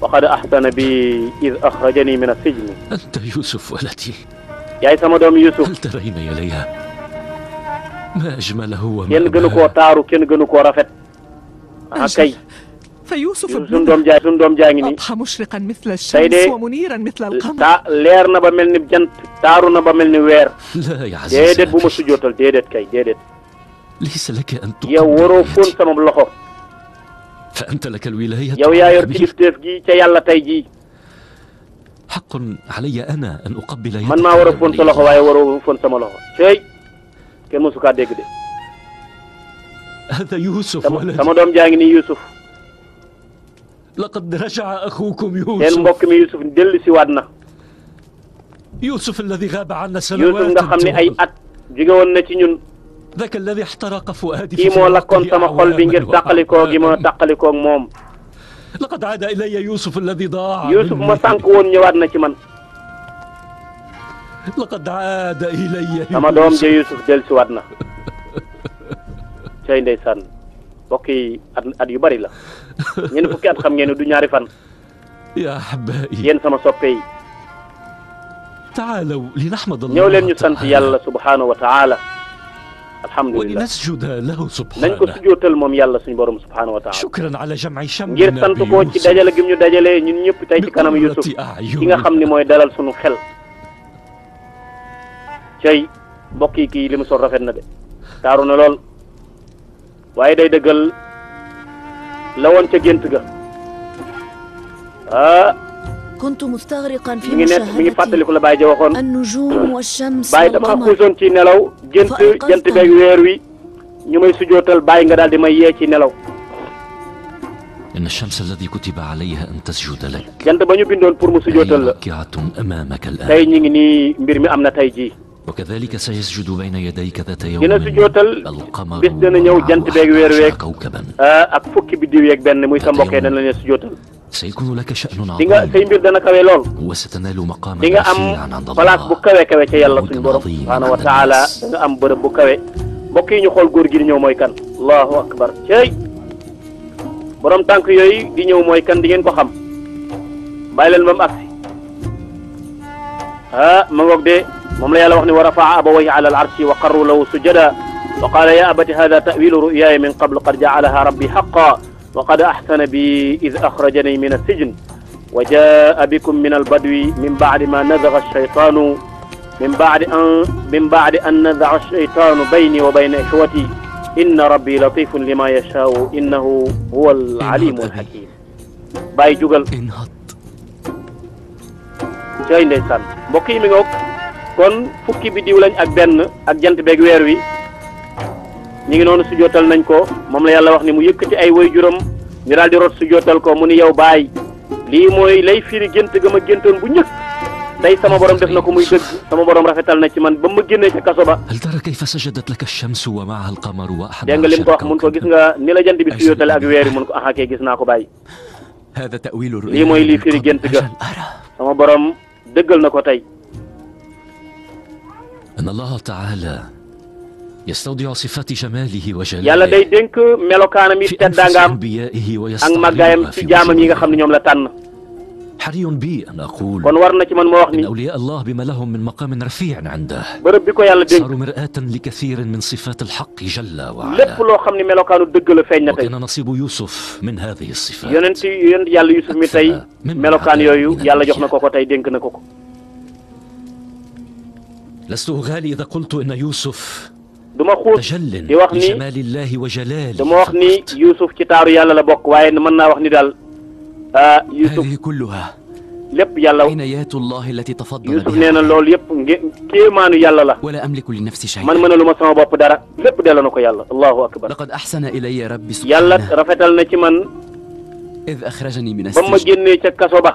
وقد أحسن بي إذ أخرجني من السجن أنت يوسف ولدي yaay sama doom Youssouf. hal tarayna ilayya ma ajmalahu wa ma kenn gënu koo taaru kenn gënu koo rafet. ah kay فيوسف suñ doom jaa suñ doom jaa ngi nii مشرقا مثل الشمس ومنيرا مثل القمر taa leer na ba mel ni jant taaru na ba mel ni weer *laughs* déedéet bu ma sujjootal déedéet kay déedéet ليس لك أن تقدم yow waroo fóon sama loxo فأنت لك الولاية yow yaa yor kilifteef gi ca yàlla tey jii حق علي أنا أن أقبل يدك man maa war a fóon sa loxo waaye waroo fóon sama loxo tey kenn mosu kaa dégg de هذا يوسف sama doom jaa ngi nii Youssouf laqad rajaa axukum Yuusuf seen mbokk mi Youssouf dellu si waat na. Youssouf alladi gaaba anna sanawaat Youssouf nga xam ne ay at. jóge woon na ci ñun. daka alladi ixtaraqa fuaadi kii moo lakkoon sama xol bi ngir tàqalikoo gi ma tàqalikoo ak moom. laqad aada ilayya Youssouf alladi daa. Youssouf ma sànq woon ñëwaat na ci man. laqad aada ilayya. sama doom ja Youssouf dellu si waat na. *laughs* cay ndeysaan mbokk yi at at yu bari la. ñeen fukki at xam ngeen ne du ñaari fan. yaa xabaayi yéen sama soppe yi. taalaw li naxmad Allah ñëw leen ñu sant yàlla subhaanahu wa taala. alhamdulilah nasjuda lahu subhaanahu nañ ko sujootal moom yàlla suñu borom subhaanahu wa taala. shukran ala jam'i shamlina ngir sant ci dajale gi ñu dajalee ñun ñëpp tey ci kanam Yusuf ki nga xam ni mooy dalal sunu xel. cey mbokk yi kii li mu sol rafet na de taaru na lool waaye day dëggal. la ca gént ga ah. kuntu mustaghriqan fi mu ngi nekk fàttaliku la Baye ja waxoon. Baye dama xuusoon ci nelaw gént jant beeg weer wi ñu may sujootal Baye nga daal di may yee ci nelaw. inna ash-shamsa allati kutiba an tasjuda lak. jant ba ñu bindoon pour mu sujootal la. tey ñu ngi nii mbir mi am na tey jii. وكذلك سيسجد بين يديك ذات يوم dina sujootal bés dana ñëw jant beeg weer weeg ak fukki biddiw yeeg benn muy sa mbokk yi dana la sujootal سيكون لك شأن di nga say mbir dana kawe lool وستنال مقاما di nga am place bu kawe kawe ca yàlla suñu borom subhanahu wa taala da nga am bërëb bu kawe mbokk yi ñu xool góor gi di ñëw mooy kan allahu akbar cey borom tank yooyu di ñëw mooy kan di ngeen ko xam bàyyi leen ba mu agsi ah, ma ngoog de moom la yàlla wax ni wa rafaa abawayhi ala al arshi wa qarru lahu sujada wa qaala ya abati hada tawilu ruyaaya min qablu qad jaalaha rabbi haqa wa qad ahsana bi id akhrajani min assijn wa jaa bikum min albadwi min baadi ma nadaga alchaytaanu min baadi an min baadi an nadaga alchaytaanu bayni wa bayna ixwati inna rabbi latifun lima yashaau innahu huwa alalimu alhakim bàyyi jugal cay ndeysaan mbokk yi mi nga kon fukki biddiw lañ ak benn ak jant beeg weer wi ñu ngi noonu su jootal nañ ko moom la yàlla wax ni mu yëkkati ay way juróom ñu daal di rot su jootal ko mu ni yow baay lii mooy lay firi gént ga ma géntoon bu njëkk tey sama borom def na ko muy dëgg sama borom rafetal na ci man ba ma génnee ca kaso ba dégg nga lim ko wax mun ko gis nga ni la jant bi su jootale ak weer wi ko axakee ah gis naa ko baay lii mooy li firi gént ga sama borom dëggal na ko tey أن الله تعالى يستودع صفات جماله وجلاله yàlla day dénk melokaanam yi teddaangaam ak màggaayam ci jaamam yi nga xam ne ñoom la tànn. حري بي أن أقول kon war na ci man moo wax ni إن أولياء الله بما لهم من مقام رفيع عنده bërëb bi ko yàlla dénk صاروا مرآة لكثير من صفات الحق جل وعلا lépp loo xam ne melokaanu dëgg la feeñ na tey وكان نصيب يوسف من هذه الصفات yonent yonent yàlla Yuusuf mi tey melokaan yooyu yàlla jox na ko ko tey dénk na ko ko لست أغالي إذا قلت أن يوسف duma xuut di wax ni dama wax ni Youssouf ci taaru yàlla la bokk waaye mën naa wax ni daal ah Youssouf lépp yàlla Youssouf nee na loolu yëpp nge kéemaanu yàlla la man mën a lu ma sama bopp dara lépp delloo na ko yàlla allahu akbar yàlla rafetal na ci man ba ma génnee ca kaso ba.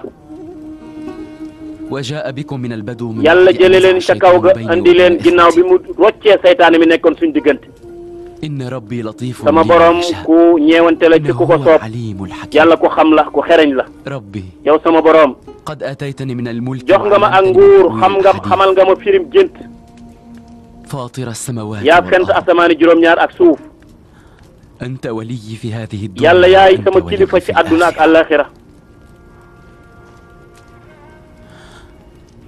yàlla jële leen ca kaw ga andi leen ginnaaw bi mu roccee saytaane mi nekkoon suñ diggante sama borom ku ñeewante la ci ku ko soob yàlla ku xam la ku xereñ la yow sama borom jox nga ma ak nguur xam nga xamal nga ma firim gént yaa fent asamaani juróom-ñaar ak suuf yàlla yaay sama kilifa ci àdduna ak àllaaxira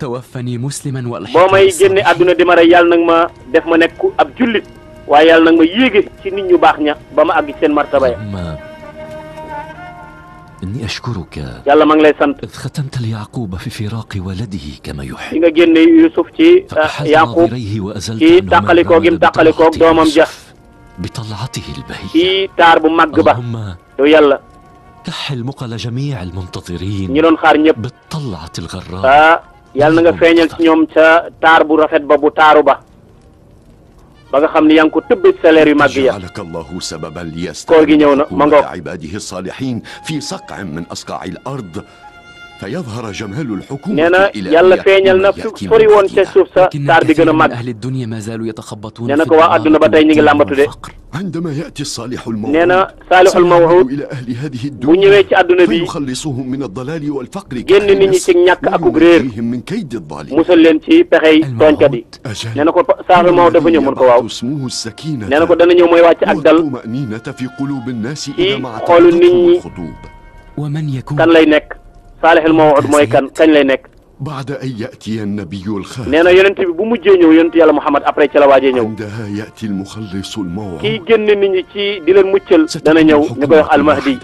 tawaffani musliman wal boo may génne àdduna di ma rey yàlla nag ma def ma nekk ab jullit waaye yàlla nag ma yéege ci nit ñu baax ña ba ma àgg seen martaba ya inni ashkuruka yàlla ma ngi lay sant xatamta li yaquba fi firaqi waladihi kama yuhib nga génne Yusuf ci uh, Yaqub ci tàqalikoo gim tàqalikoo doomam ja bi talaatihi lbahiya ci taar bu màgg ba yow yàlla كحل مقل جميع المنتظرين ñi doon xaar ñëpp بالطلعة الغراء yàlla na nga feeñal ci ñoom ca taar bu rafet ba bu taaru ba ba nga xam ni yaa ngi ko tëbbee salaire yu màgg ya koor gi ñëw na ma ngoog فيظهر جمال الحكومة nee na yàlla feeñal na fu sori woon ca suuf sa taar bi gën a màgg nee na ko waa adduna ba tey ñu ngi làmbatu de nee na saalixul mawhuud bu ñëwee ci adduna bi génn nit ñi ci ñàkk akug réer musal leen ci pexey tooñkat yi nee na ko saalixul mawhuud dafa ñëw mun ko waaw nee na ko dana ñëw mooy wàcc ak dal ci xoolu nit ñi kan lay nekk saalixil mawuud mooy kan kañ lay nekk. baada an yatiya nabiyu alxaalis. nee na yonent bi bu mujjee ñëw yonent yàlla Muhammad après ci la waajee ñëw. indaha yati almuxallisu almawuud. kii génn nit ñi ci di leen muccal. dana ñëw ñu koy wax almahdi.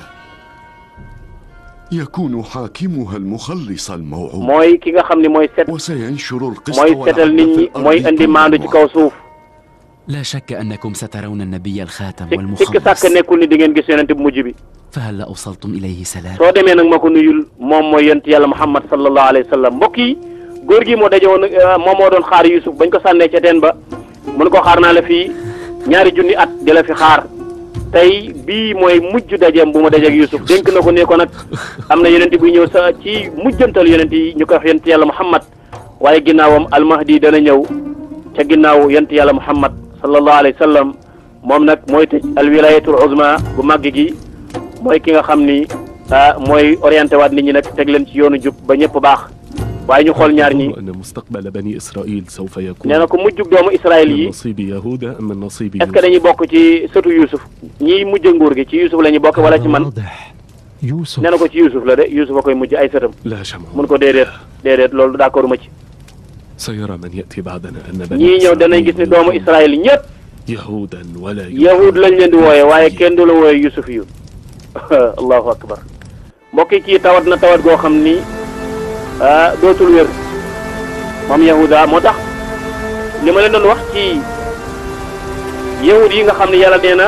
yakunu xaakimuha almuxallis almawuud. mooy ki nga xam ne mooy set. wa sayanshuru alqista mooy setal nit ñi mooy andi maandu ci kaw suuf. laa shakka annakum satarawna nabiyya alxaatam walmuxammas sikk sàkk nekkul ni di ngeen gis yonent bu mujj bi. fahal awsaltum ilayhi salaam. soo demee nag ma ko nuyul moom mooy yonent yàlla Muhammad sallallahu alayhi wa sallam mbokk yi góor gi moo dajewoon euh, moom moo doon xaar Youssouf bañ ko sànnee ca teen ba mun ko xaar naa la fii ñaari junni at di la fi xaar tey bii mooy mujj dajeem bu ma dajeeg Youssouf denk na ko ne ko nag am na yonent buy ñëw sa ci mujjantal yonent yi ñu koy wax yonent yàlla Muhammad waaye ginnaawam almahdi dana ñëw ca ginnaaw yonent yàlla Muhammad sallallahu alayhi wa sallam moom nag mooy tëj alwilayatul uzma bu màgg gi mooy ki nga xam ni ah, mooy orienté waat nit ñi nag teg leen ci yoonu jub ba ñëpp baax waaye ñu xool ñaar ñi mustaqbal bani israil sawfa yakun nee na ko mujjug doomu israil yi nasibi yahuda am nasibi est-ce que dañuy bokk ci sëtu yusuf ñiy mujj nguur gi ci yusuf la ñu bokk wala ci man nee na ko ci yusuf la de yusuf a koy mujj ay sëtam mun ko déedéet déedéet loolu d'accord ma ci sayara man yati baadana anna bani ñii ñëw danañ gis ne doomu Israël ñëpp. yahudan wala yahud lañ leen di wooyee waaye kenn du la wooyee yusuf yu *laughs* allahu akbar mbokk yi kii tawat na tawat goo xam ni ah, dootul wér moom yahuda ah, moo tax li ma leen doon wax ci yahud yi nga xam ne yàlla nee na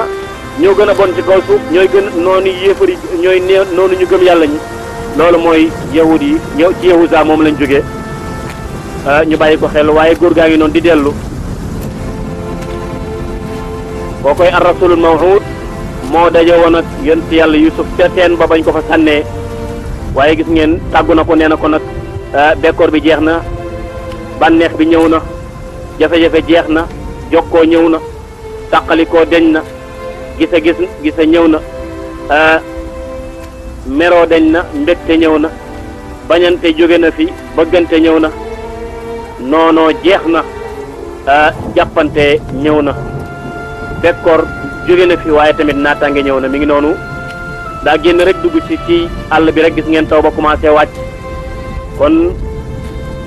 ñoo gën a bon ci kaw suuf ñooy gën noonu yéefari ñooy nee noonu ñu gëm yàlla ñi loolu mooy yahud yi ñëw ci yahuda ah, moom lañ jóge Ah, ñu bàyyi ko xel waaye góor gaa ngi noonu di dellu koo koy ar rasulul moo daje woon ak yonent yàlla yusuf ca teen ba bañ ko fa sànnee waaye gis ngeen tàggu na ko nee na ko nag ah, bekkoor bi jeex na banneex bi ñëw na jafe-jafe jeex na jokkoo ñëw na tàqalikoo deñ na gise gis gise ñëw na ah, meroo deñ na mbégte ñëw na bañante jóge na fi bëggante ñëw na noonoo jeex na jàppante ñëw na bekkoor jóge na fi waaye tamit naataange ñëw na mi ngi noonu daa génn rek dugg ci ci àll bi rek gis ngeen taw ba commencé wàcc kon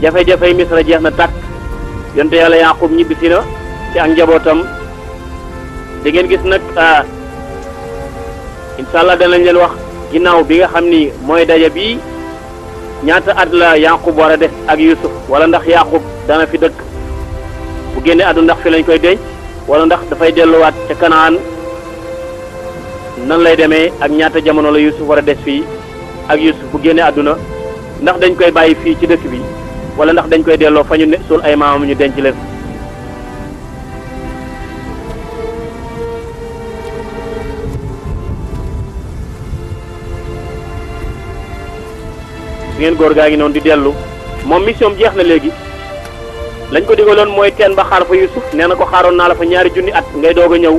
jafe-jafey misra jeex na tàkk yonte yàlla yaqub ñibbisi na ci ak njabootam di ngeen gis nag incha allah danañ leen wax ginnaaw bi nga xam ni mooy daja bii ñaata at la yaqub war a def ak yusuf wala ndax yaqub dana fi dëkk bu génne àdduna ndax fi lañ koy denc wala ndax dafay delluwaat ca kanaan nan lay demee ak ñaata jamono la yusuf war a def fii ak yusuf bu génne àdduna ndax dañ koy bàyyi fii ci dëkk bi wala ndax dañ koy delloo fa ñu ne suul ay maamam ñu denc leen ngeen góor gaa ngi noonu di dellu moom mission jeex na léegi lañ ko digaloon mooy teen ba xaar fa Yusuf nee na ko xaaroon naa la fa ñaari junni at ngay doog a ñëw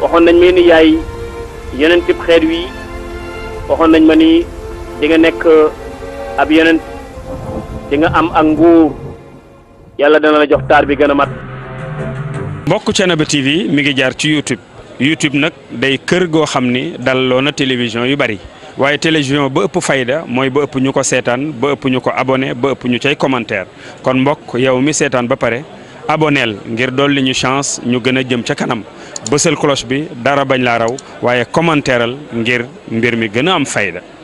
waxoon nañ ma ni yaay yeneen tib xeet wi waxoon nañ ma ni di nga nekk uh, ab yeneen di nga am ak nguur yàlla dana la jox taar bi gën a mat. mbokk Thiénaba TV mi ngi jaar ci YouTube YouTube nag day kër goo xam ni dalloo na yu bari. waaye télévision ba ëpp fayda mooy ba ëpp ñu ko seetaan ba ëpp ñu ko abonné ba ëpp ñu cay commentaire kon mbokk yow mi seetaan ba pare aboneel ngir dolli ñu chance ñu gën a jëm ca kanam ba bësal cloche bi dara bañ la raw waaye commentaireal ngir mbir mi gën a am fayda